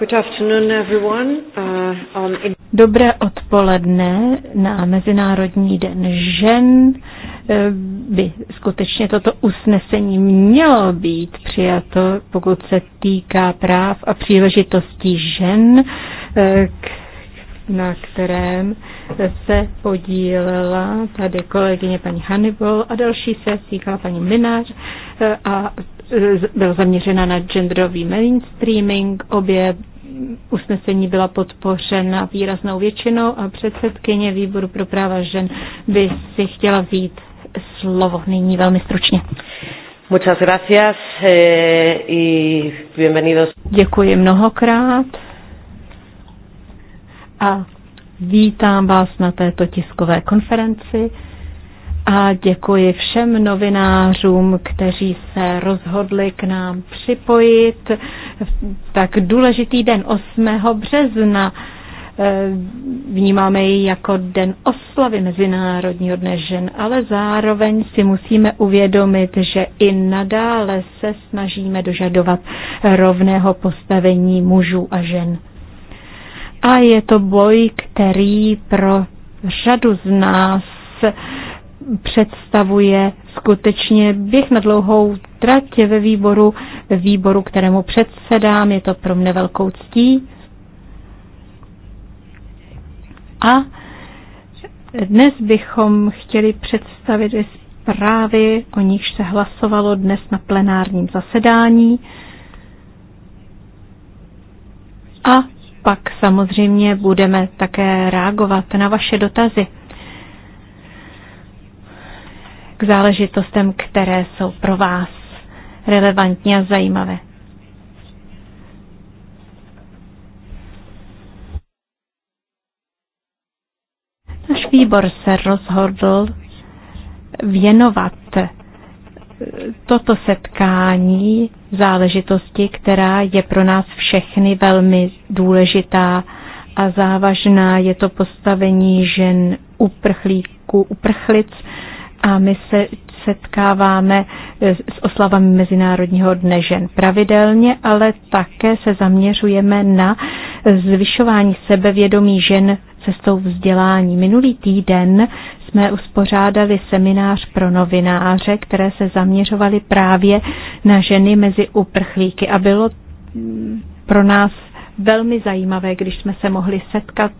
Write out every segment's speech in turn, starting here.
Uh, um, Dobré odpoledne na Mezinárodní den žen eh, by skutečně toto usnesení mělo být přijato, pokud se týká práv a příležitostí žen, eh, na kterém se podílela tady kolegyně paní Hannibal a další se týká paní Minář eh, a byla zaměřena na genderový mainstreaming. Obě usnesení byla podpořena výraznou většinou a předsedkyně výboru pro práva žen by si chtěla vzít slovo nyní velmi stručně. Muchas gracias eh, y bienvenidos. Děkuji mnohokrát a vítám vás na této tiskové konferenci. A děkuji všem novinářům, kteří se rozhodli k nám připojit v tak důležitý den 8. března. E, vnímáme ji jako den oslavy Mezinárodního dne žen, ale zároveň si musíme uvědomit, že i nadále se snažíme dožadovat rovného postavení mužů a žen. A je to boj, který pro řadu z nás představuje skutečně běh na dlouhou trať ve výboru, ve výboru, kterému předsedám. Je to pro mne velkou ctí. A dnes bychom chtěli představit dvě zprávy, o nichž se hlasovalo dnes na plenárním zasedání. A pak samozřejmě budeme také reagovat na vaše dotazy k záležitostem, které jsou pro vás relevantní a zajímavé. Náš výbor se rozhodl věnovat toto setkání záležitosti, která je pro nás všechny velmi důležitá a závažná. Je to postavení žen uprchlíků, uprchlic a my se setkáváme eh, s oslavami Mezinárodního dne žen pravidelně, ale také se zaměřujeme na zvyšování sebevědomí žen cestou vzdělání. Minulý týden jsme uspořádali seminář pro novináře, které se zaměřovaly právě na ženy mezi uprchlíky a bylo mm, pro nás velmi zajímavé, když jsme se mohli setkat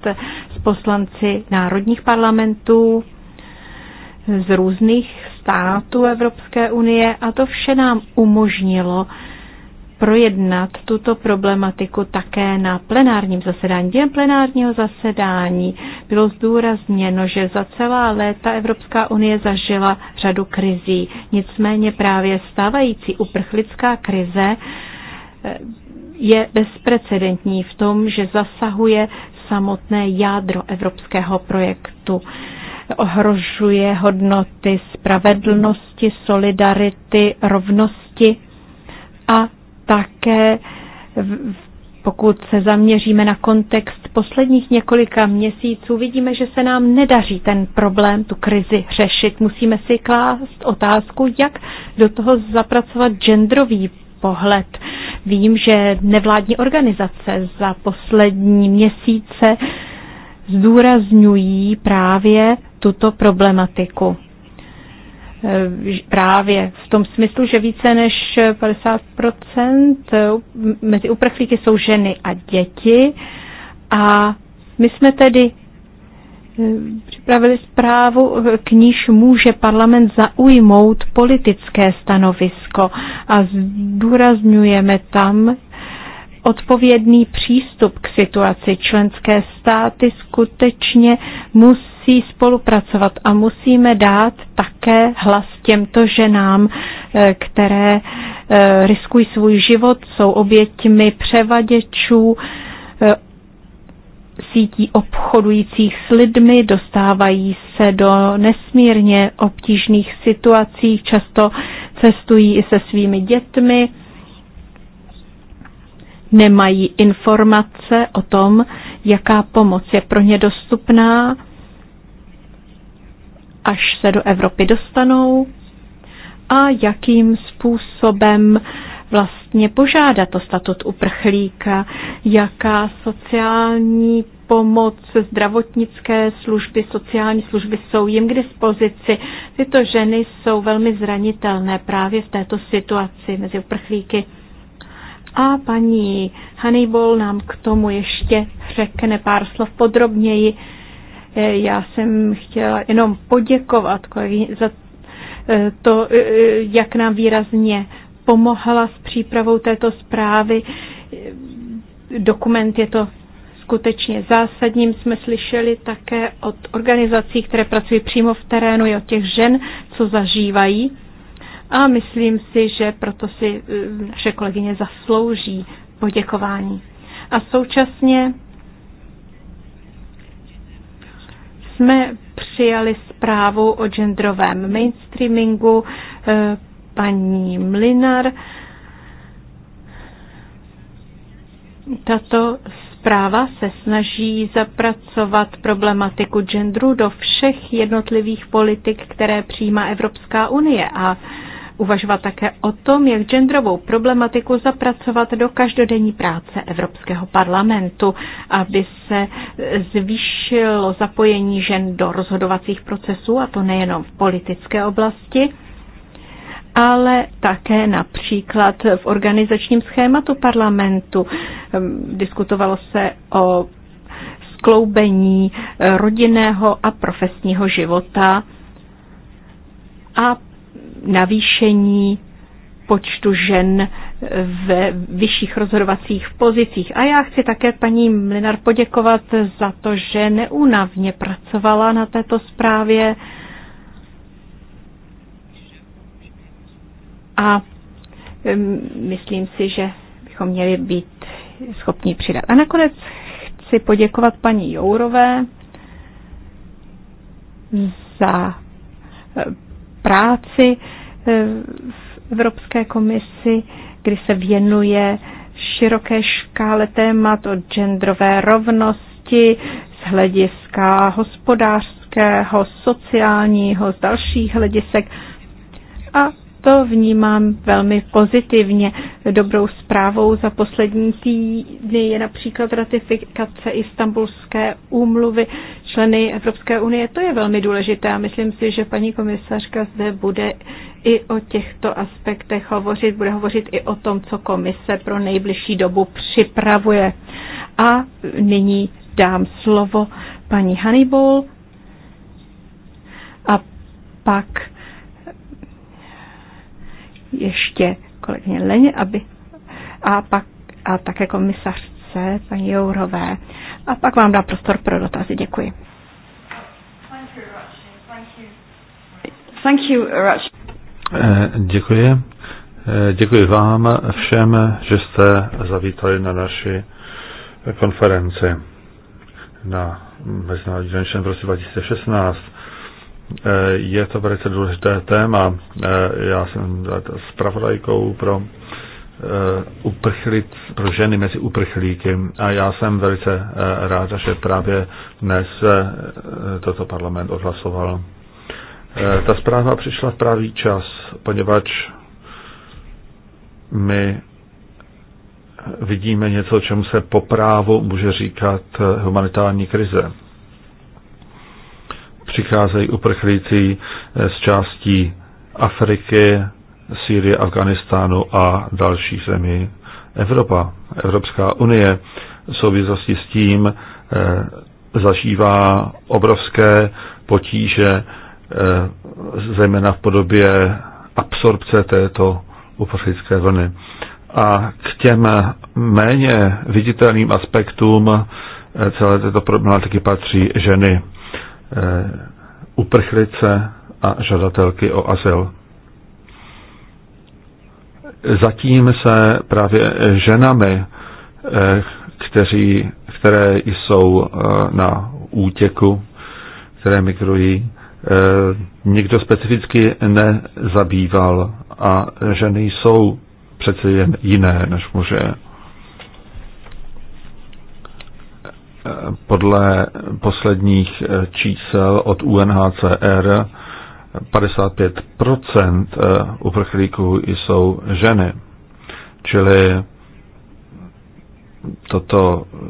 s poslanci národních parlamentů, z různých států Evropské unie a to vše nám umožnilo projednat tuto problematiku také na plenárním zasedání. Během plenárního zasedání bylo zdůrazněno, že za celá léta Evropská unie zažila řadu krizí. Nicméně právě stávající uprchlická krize eh, je bezprecedentní v tom, že zasahuje samotné jádro evropského projektu ohrožuje hodnoty spravedlnosti, solidarity, rovnosti a také pokud se zaměříme na kontext posledních několika měsíců, vidíme, že se nám nedaří ten problém, tu krizi řešit. Musíme si klást otázku, jak do toho zapracovat genderový pohled. Vím, že nevládní organizace za poslední měsíce uh, zdůrazňují právě tuto problematiku. E, právě v tom smyslu, že více než 50% mezi uprchlíky jsou ženy a děti. A my jsme tedy e, připravili zprávu, e, k níž může parlament zaujmout politické stanovisko a zdůrazňujeme tam, odpovědný přístup k situaci. Členské státy skutečně musí spolupracovat a musíme dát také hlas těmto ženám, eh, které eh, riskují svůj život, jsou oběťmi převaděčů, eh, sítí obchodujících s lidmi, dostávají se do nesmírně obtížných situací, často cestují i se svými dětmi, nemají informace o tom, jaká pomoc je pro ně dostupná, až se do Evropy dostanou a jakým způsobem vlastně požádat o statut uprchlíka, jaká sociální pomoc, zdravotnické služby, sociální služby jsou jim k dispozici. Tyto ženy jsou velmi zranitelné právě v této situaci mezi uprchlíky. A paní Honeyball nám k tomu ještě řekne pár slov podrobněji. Eh, já jsem chtěla jenom poděkovat za eh, to, eh, jak nám výrazně pomohla s přípravou této zprávy. Dokument je to skutečně zásadním. Jsme slyšeli také od organizací, které pracují přímo v terénu, i od těch žen, co zažívají a myslím si, že proto si eh, naše kolegyně zaslouží poděkování. A současně jsme přijali zprávu o genderovém mainstreamingu eh, paní Mlinar. Tato zpráva se snaží zapracovat problematiku genderu do všech jednotlivých politik, které přijímá Evropská unie a uvažovat také o tom, jak genderovou problematiku zapracovat do každodenní práce Evropského parlamentu, aby se zvýšilo zapojení žen do rozhodovacích procesů, a to nejenom v politické oblasti, ale také například v organizačním schématu parlamentu. Ehm, diskutovalo se o skloubení rodinného a profesního života a navýšení počtu žen ve vyšších rozhodovacích pozicích. A já chci také paní Mlinar poděkovat za to, že neúnavně pracovala na této zprávě. A myslím si, že bychom měli být schopni přidat. A nakonec chci poděkovat paní Jourové za práci eh, v Evropské komisi, kdy se věnuje široké škále témat od genderové rovnosti z hlediska hospodářského, sociálního, z dalších hledisek. A to vnímám velmi pozitivně. Dobrou zprávou za poslední týdny je například ratifikace Istanbulské úmluvy členy Evropské unie. To je velmi důležité a myslím si, že paní komisařka zde bude i o těchto aspektech hovořit. Bude hovořit i o tom, co komise pro nejbližší dobu připravuje. A nyní dám slovo paní Hannibal a pak ještě kolegyně Leně, aby a pak a také komisařce paní Jourové. A pak vám dá prostor pro dotazy. Děkuji. Thank you, eh, Děkuji. Eh, děkuji vám všem, že jste zavítali na naši konferenci na Mezinárodní den v roce 2016. Eh, je to velice důležité téma. Eh, já jsem zpravodajkou pro eh, uprchlic, pro ženy mezi uprchlíky a já jsem velice ráda, že právě dnes toto parlament odhlasoval. Ta zpráva přišla v pravý čas, poněvadž my vidíme něco, čemu se po právu může říkat humanitární krize přicházejí uprchlíci eh, z částí Afriky, Sýrie, Afganistánu a dalších zemí. Evropa, Evropská unie v souvislosti s tím eh, zažívá obrovské potíže, eh, zejména v podobě absorpce této uprchlické vlny. A k těm méně viditelným aspektům celé této problematiky patří ženy. Eh, uprchlice a žadatelky o azyl. Zatím se právě ženami, eh, kteří, které jsou eh, na útěku, které migrují, nikdo specificky nezabýval a ženy jsou přece jen jiné než muže. podle posledních eh, čísel od UNHCR 55 eh, uprchlíků jsou ženy. Čili toto eh,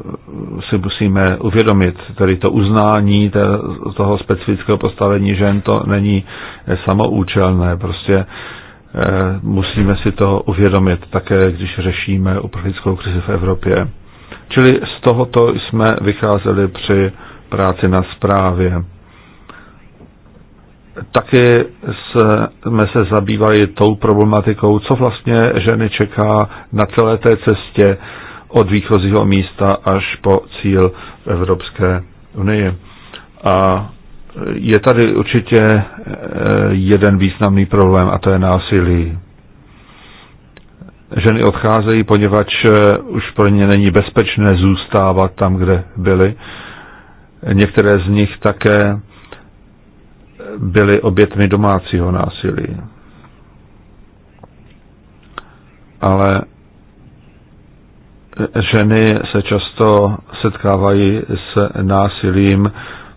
si musíme uvědomit, tedy to uznání toho specifického postavení žen, to není samoučelné, prostě musíme si to uvědomit také, když řešíme uprchlickou krizi v Evropě. Čili z tohoto jsme vycházeli při práci na zprávě. Taky jsme se zabývali tou problematikou, co vlastně ženy čeká na celé té cestě od výchozího místa až po cíl v Evropské unii. A je tady určitě eh, jeden významný problém a to je násilí ženy odcházejí, poněvadž eh, už pro ně není bezpečné zůstávat tam, kde byly. Některé z nich také byly obětmi domácího násilí. Ale eh, ženy se často setkávají s násilím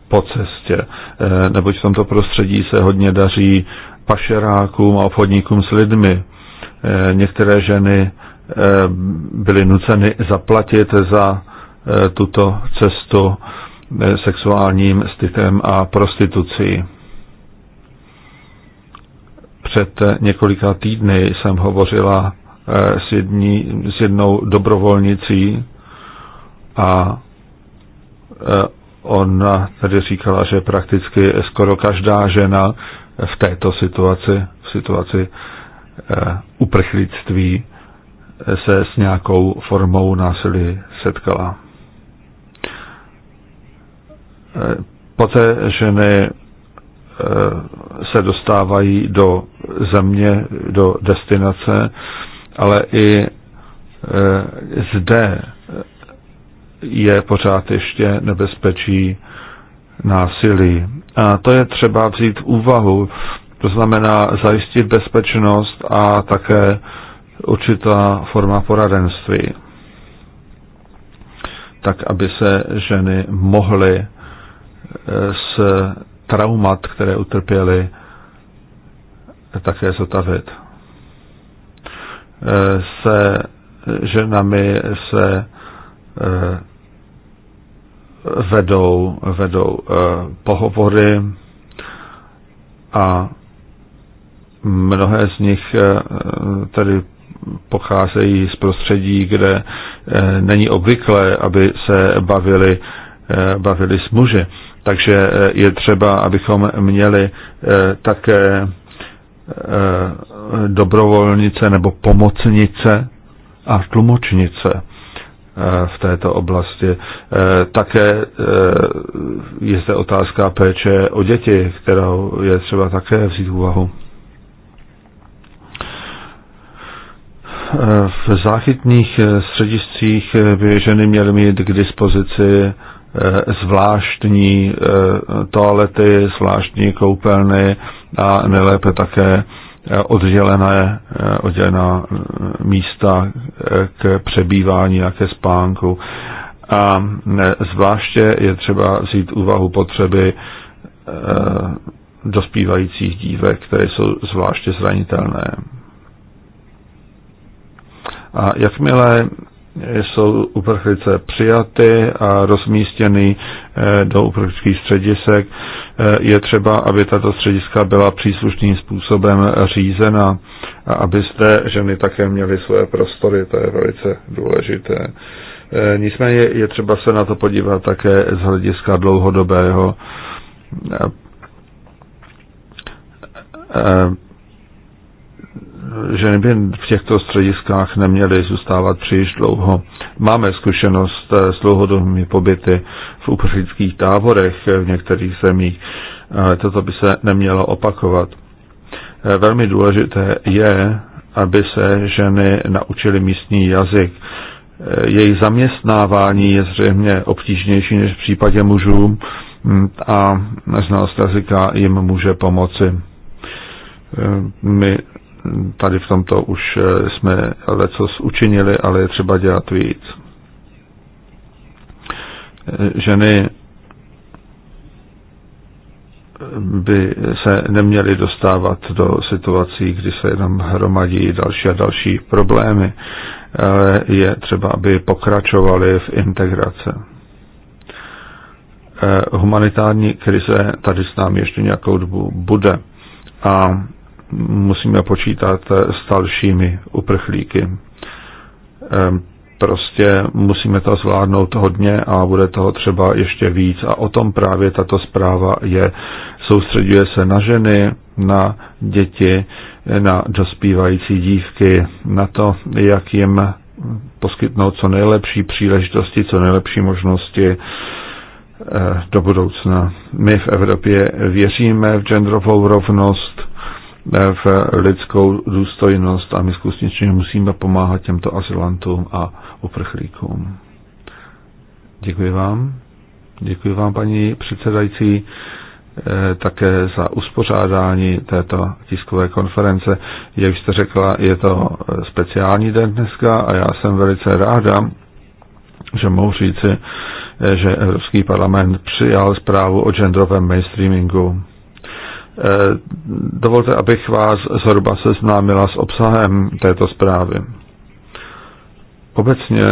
po cestě, eh, neboť v tomto prostředí se hodně daří pašerákům a obchodníkům s lidmi Eh, některé ženy eh, byly nuceny zaplatit za eh, tuto cestu sexuálním stytem a prostitucí. Před několika týdny jsem hovořila s, jední, s jednou dobrovolnicí a ona tedy říkala, že prakticky skoro každá žena v této situaci, v situaci Eh, uprchlictví eh, se s nějakou formou násilí setkala. Eh, poté ženy se dostávají do země, do destinace, ale i zde je pořád ještě nebezpečí násilí. A to je třeba vzít v úvahu to znamená zajistit bezpečnost a také určitá forma poradenství, tak aby se ženy mohly s eh, traumat, které utrpěly, také zotavit. Eh, se ženami se eh, vedou, vedou pohovory a Mnohé z nich eh, tedy pocházejí z prostředí, kde eh, není obvyklé, aby se bavili, eh, bavili s muži. Takže je třeba, abychom měli také dobrovolnice nebo pomocnice a tlumočnice v této oblasti. Také je zde otázka péče o děti, kterou je třeba také vzít v úvahu. v záchytných eh, střediscích eh, by ženy měly mít k dispozici eh, zvláštní toalety, zvláštní koupelny a nejlépe také oddělené, oddělená místa k přebývání a ke spánku. A zvláště je třeba vzít úvahu potřeby dospívajících dívek, které jsou zvláště zranitelné. A jakmile jsou uprchlice přijaty a rozmístěny eh, do uprchlických středisek. Eh, je třeba, aby tato střediska byla příslušným způsobem řízena a aby zde ženy také měly své prostory, to je velice důležité. Eh, nicméně je třeba se na to podívat také z hlediska dlouhodobého že by v těchto střediskách neměli zůstávat příliš dlouho. Máme zkušenost eh, s dlouhodobými pobyty v uprchlických táborech eh, v některých zemích. Toto by se nemělo opakovat. Eh, velmi důležité je, aby se ženy naučily místní jazyk. Jejich zaměstnávání je zřejmě obtížnější než v případě mužů hm, a znalost jazyka jim může pomoci. My tady v tomto už eh, jsme leco učinili, ale je třeba dělat víc. Eh, ženy eh, by se neměly dostávat do situací, kdy se jenom hromadí další a další problémy, ale je třeba, aby pokračovaly v integrace. Humanitární krize tady s námi ještě nějakou dobu bude a musíme počítat s dalšími uprchlíky. Ehm, prostě musíme to zvládnout hodně a bude toho třeba ještě víc. A o tom právě tato zpráva je. Soustředuje se na ženy, na děti, na dospívající dívky, na to, jak jim poskytnout co nejlepší příležitosti, co nejlepší možnosti eh, do budoucna. My v Evropě věříme v genderovou rovnost, v lidskou důstojnost a my skutečně musíme pomáhat těmto asilantům a uprchlíkům. Děkuji vám. Děkuji vám, paní předsedající, eh, také za uspořádání této tiskové konference. Jak jste řekla, je to speciální den dneska a já jsem velice ráda, že mohu říci, eh, že Evropský parlament přijal zprávu o genderovém mainstreamingu Eh, dovolte, abych vás zhruba seznámila s obsahem této zprávy. Obecně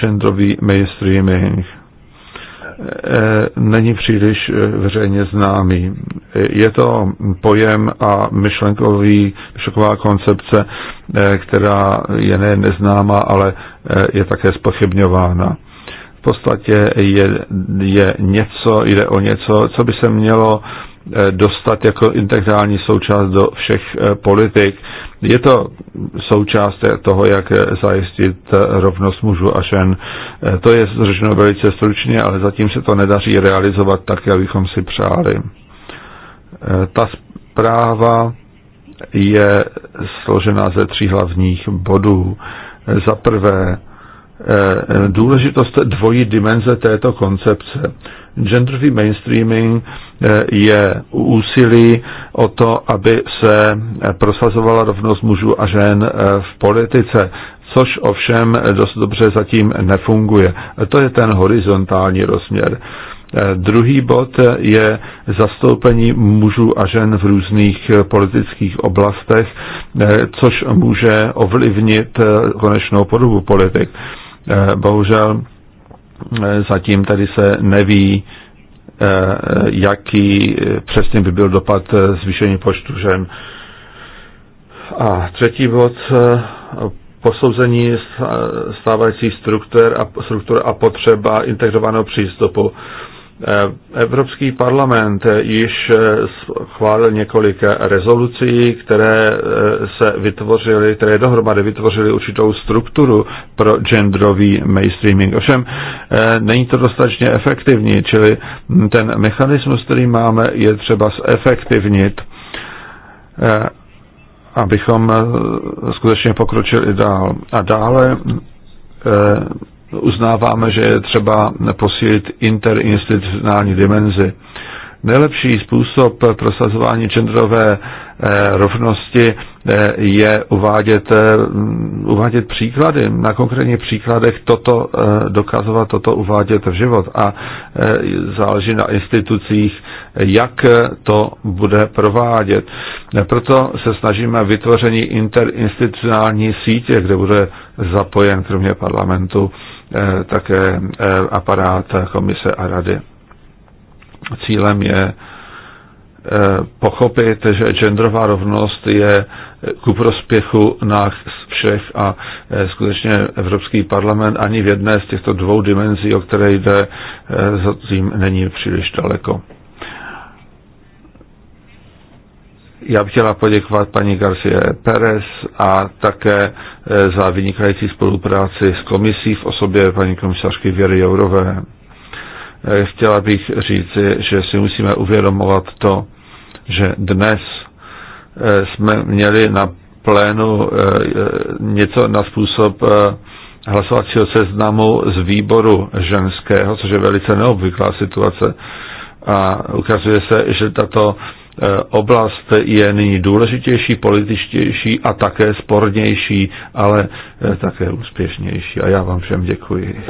genderový mainstreaming eh, není příliš eh, veřejně známý. Je to pojem a myšlenkový, myšlenková koncepce, která je ne neznámá, ale je také spochybňována. V podstatě je, je něco, jde o něco, co by se mělo Eh, dostat jako integrální součást do všech eh, politik. Je to součást toho, jak eh, zajistit rovnost mužů a žen. To je zřešeno velice stručně, ale zatím se to nedaří realizovat tak, jak bychom si přáli. Ta zpráva je složena ze tří hlavních bodů. Za prvé, důležitost dvojí dimenze této koncepce. Genderový mainstreaming E, je úsilí o to, aby se prosazovala rovnost mužů a žen e, v politice, což ovšem dost dobře zatím nefunguje. To je ten horizontální rozměr. E, druhý bod je zastoupení mužů a žen v různých politických oblastech, což může ovlivnit konečnou podobu politik. Bohužel zatím tady se neví, Eh, jaký přesně by byl dopad eh, zvýšení počtu žen. A třetí bod, eh, posouzení stávajících struktur a, struktur a potřeba integrovaného přístupu. Eh, Evropský parlament eh, již eh, schválil několik rezolucí, které se vytvořily, které dohromady vytvořily určitou strukturu pro genderový mainstreaming. Ovšem není to dostatečně efektivní, čili ten mechanismus, který máme, je třeba zefektivnit abychom skutečně pokročili dál. A dále uznáváme, že je třeba posílit interinstitucionální dimenzi. Nejlepší způsob prosazování genderové eh, rovnosti eh, je uvádět, eh, uvádět příklady, na konkrétních příkladech toto dokazovat, toto uvádět v život a záleží na institucích, jak to bude provádět. Proto se snažíme vytvoření interinstitucionální sítě, kde bude zapojen kromě parlamentu Eh, také eh, aparát komise a rady. Cílem je eh, pochopit, že genderová rovnost je ku prospěchu nás všech a skutečně Evropský parlament ani v jedné z těchto dvou dimenzí, o které jde, zatím není příliš daleko. Já bych chtěla poděkovat paní Garcia Perez a také eh, za vynikající spolupráci s komisí v osobě paní komisařky Věry Jourové. Eh, chtěla bych říci, že si musíme uvědomovat to, že dnes eh, jsme měli na plénu něco na způsob hlasovacího seznamu z výboru ženského, což je velice neobvyklá situace. A ukazuje se, že tato Eh, oblast je nyní důležitější, političtější a také spornější, ale eh, také úspěšnější. A já vám všem děkuji.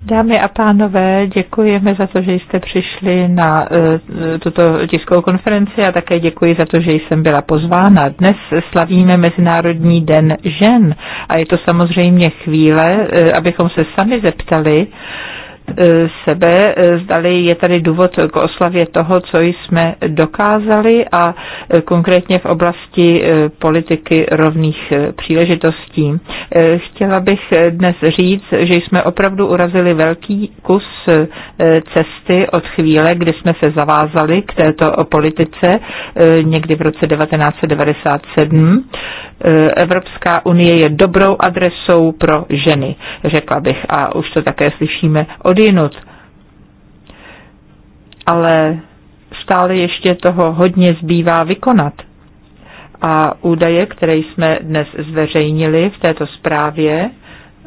Dámy a pánové, děkujeme za to, že jste přišli na eh, tuto tiskovou konferenci a také děkuji za to, že jsem byla pozvána. Dnes slavíme Mezinárodní den žen a je to samozřejmě chvíle, abychom se sami zeptali, E, sebe, e, zdali je tady důvod k oslavě toho, co jsme dokázali a e, konkrétně v oblasti politiky rovných příležitostí. Chtěla bych dnes říct, že jsme opravdu urazili velký kus cesty od chvíle, kdy jsme se zavázali k této politice někdy v roce 1997 E, Evropská unie je dobrou adresou pro ženy, řekla bych. A už to také slyšíme od jinut. Ale stále ještě toho hodně zbývá vykonat. A údaje, které jsme dnes zveřejnili v této zprávě,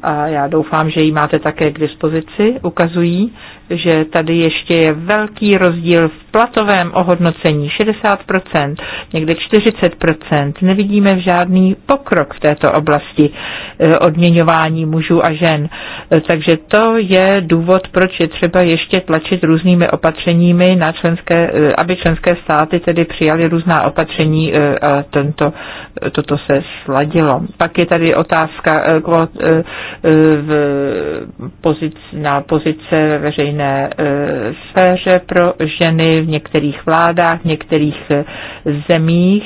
a já doufám, že ji máte také k dispozici, ukazují, že tady ještě je velký rozdíl v platovém ohodnocení 60%, někde 40%. Nevidíme žádný pokrok v této oblasti eh, odměňování mužů a žen. Eh, takže to je důvod, proč je třeba ještě tlačit různými opatřeními, na členské, eh, aby členské státy tedy přijaly různá opatření a tento, toto se sladilo. Pak je tady otázka kvot, v pozic, na pozice ve veřejné e, sféře pro ženy v některých vládách, v některých e, zemích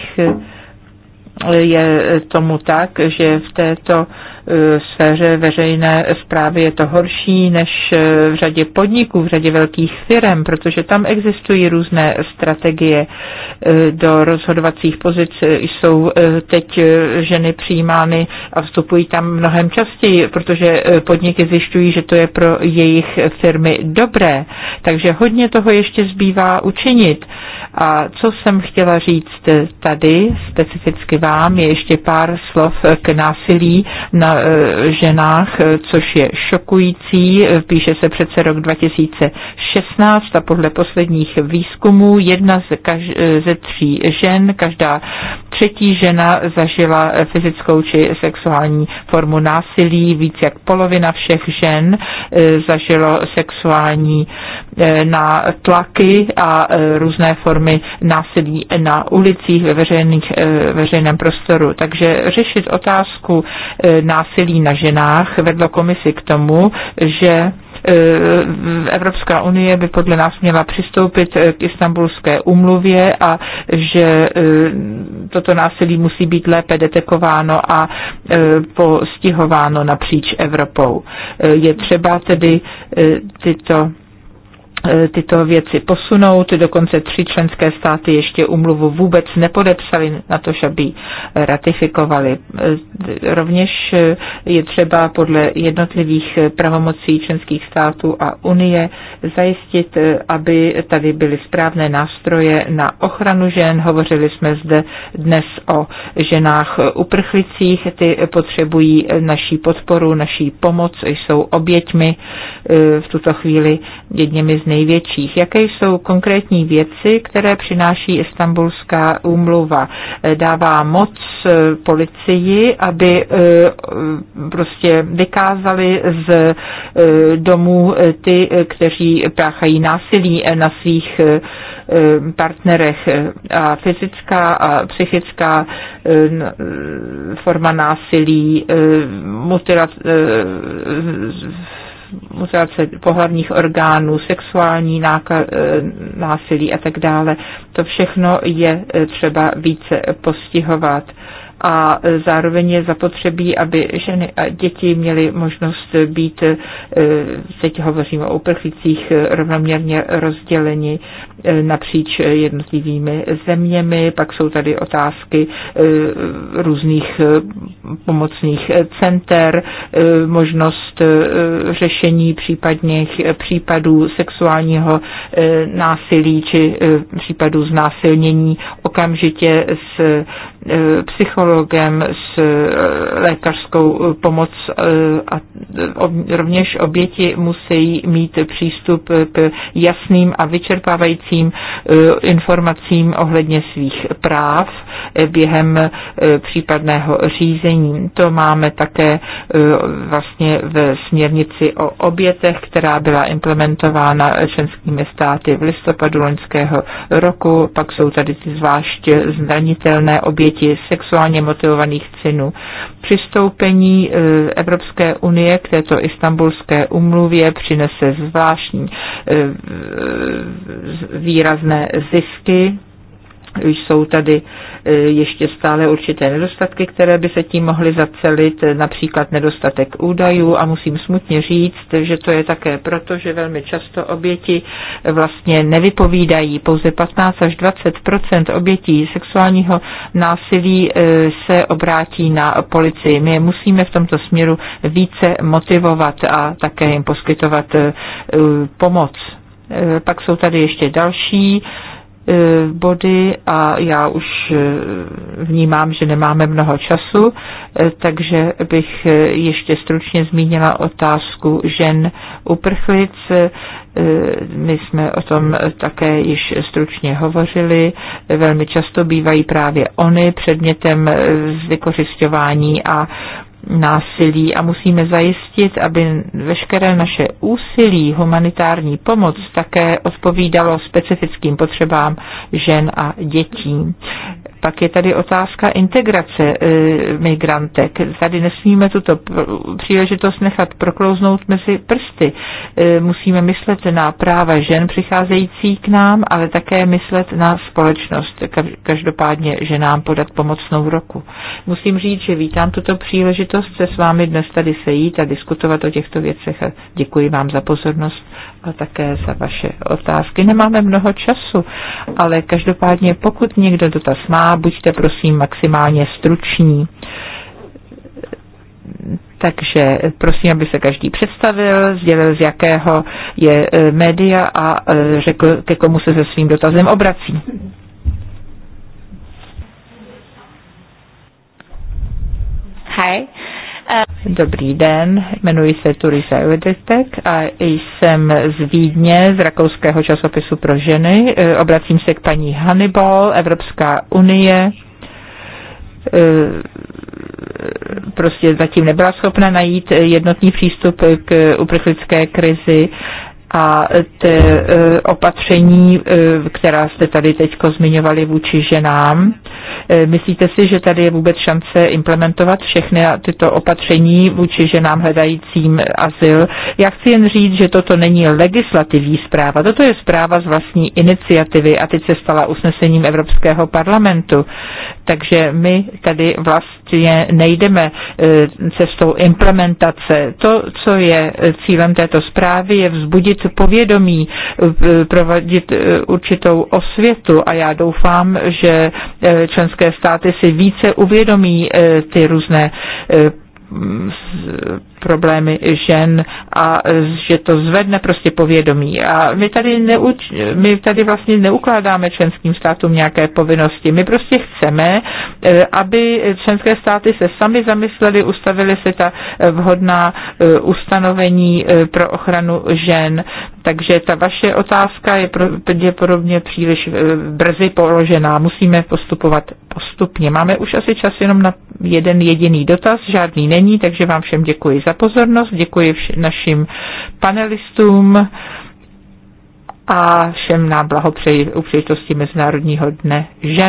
je tomu tak, že v této Eh, sféře veřejné zprávy je to horší než eh, v řadě podniků, v řadě velkých firm, protože tam existují různé strategie eh, do rozhodovacích pozic. Jsou teď ženy přijímány a vstupují tam mnohem častěji, protože podniky zjišťují, že to je pro jejich firmy dobré. Takže hodně toho ještě zbývá učinit. A co jsem chtěla říct tady, specificky vám, je ještě pár slov k násilí na Eh, ženách, eh, což je šokující. Eh, píše se přece rok 2016 a podle posledních výzkumů jedna z kaž- ze tří žen, každá třetí žena zažila fyzickou či sexuální formu násilí. Víc jak polovina všech žen zažilo sexuální Eh, na tlaky a eh, různé formy násilí na ulicích ve veřejných, eh, veřejném prostoru. Takže řešit otázku násilí na ženách vedlo komisi k tomu, že Evropská unie by podle nás měla přistoupit k istambulské umluvě a že toto násilí musí být lépe detekováno a postihováno napříč Evropou. Je třeba tedy tyto E, tyto věci posunout. Dokonce tři členské státy ještě umluvu vůbec nepodepsali, na to, aby ratifikovali. E, rovněž e, je třeba podle jednotlivých pravomocí členských států a Unie zajistit, aby tady byly správné nástroje na ochranu žen. Hovořili jsme zde dnes o ženách uprchlicích. Ty potřebují naší podporu, naší pomoc, jsou oběťmi v tuto chvíli jedněmi z největších. Jaké jsou konkrétní věci, které přináší Istanbulská úmluva? Eh, dává moc eh, policii, aby eh, prostě vykázali z domů ty, kteří páchají násilí na svých partnerech a fyzická a psychická forma násilí, mutilace, mutilace pohlavních orgánů, sexuální eh, násilí a tak dále. To všechno je eh, třeba více postihovat a eh, zároveň je zapotřebí, aby ženy a děti měly možnost být, teď hovoříme o uprchlících, rovnoměrně rozděleni Eh, napříč eh, jednotlivými zeměmi. Pak jsou tady otázky eh, různých pomocných center, možnost řešení případných případů sexuálního násilí či případů znásilnění okamžitě s psychologem, s lékařskou pomoc a rovněž oběti musí mít přístup k jasným a vyčerpávajícím informacím, eh, informacím ohledně svých práv eh, během eh, případného řízení. To máme také vlastně v směrnici o obětech, která byla implementována členskými státy v listopadu loňského roku. Pak jsou tady ty zvlášť zranitelné oběti sexuálně motivovaných cenů. Přistoupení Evropské unie k této istambulské umluvě přinese zvláštní výrazné zisky, jsou tady e, ještě stále určité nedostatky, které by se tím mohly zacelit, e, například nedostatek údajů a musím smutně říct, že to je také proto, že velmi často oběti vlastně nevypovídají. Pouze 15 až 20 obětí sexuálního násilí e, se obrátí na policii. My je musíme v tomto směru více motivovat a také jim poskytovat pomoc. Eh, pak jsou tady ještě další eh, body a já už eh, vnímám, že nemáme mnoho času, takže bych ještě stručně zmínila otázku žen uprchlic. My jsme o tom také již stručně hovořili. Velmi často bývají právě ony předmětem vykořišťování a násilí a musíme zajistit, aby veškeré naše úsilí, humanitární pomoc také odpovídalo specifickým potřebám žen a dětí. Pak je tady otázka integrace e, migrantek. Tady nesmíme tuto příležitost nechat proklouznout mezi prsty. E, musíme myslet na práva žen přicházející k nám, ale také myslet na společnost. Každopádně ženám podat pomocnou roku. Musím říct, že vítám tuto příležitost příležitost se s vámi dnes tady sejít a diskutovat o těchto věcech. A děkuji vám za pozornost a také za vaše otázky. Nemáme mnoho času, ale každopádně pokud někdo dotaz má, buďte prosím maximálně struční. Takže prosím, aby se každý představil, sdělil, z jakého je e, média a e, řekl, ke komu se se svým dotazem obrací. Hi. Dobrý den, jmenuji se Turisa Eudistek a jsem z Vídně, z rakouského časopisu pro ženy. E, obracím se k paní Hannibal, Evropská unie e, prostě zatím nebyla schopna najít jednotný přístup k uprchlické krizi a ty e, opatření, která jste tady teď zmiňovali vůči ženám, Eh, myslíte si, že tady je vůbec šance implementovat všechny tyto opatření vůči ženám hledajícím azyl? Já chci jen říct, že toto není legislativní zpráva, toto je zpráva z vlastní iniciativy a teď se stala usnesením Evropského parlamentu. Takže my tady vlast je, vlastně nejdeme eh, cestou implementace. To, co je eh, cílem této zprávy, je vzbudit povědomí, eh, provadit určitou osvětu a já doufám, že členské státy si více uvědomí ty různé problémy žen a že to zvedne prostě povědomí. A my tady, neuč, my tady vlastně neukládáme členským státům nějaké povinnosti. My prostě chceme, eh, aby členské státy se sami zamysleli, ustavili se ta eh, vhodná eh, ustanovení pro ochranu žen. Takže ta vaše otázka je pravděpodobně příliš brzy položená. Musíme postupovat postupně. Máme už asi čas jenom na jeden jediný dotaz, žádný není, takže vám všem děkuji za pozornost, děkuji našim panelistům a všem nám blahopřeji u příležitosti Mezinárodního dne žen.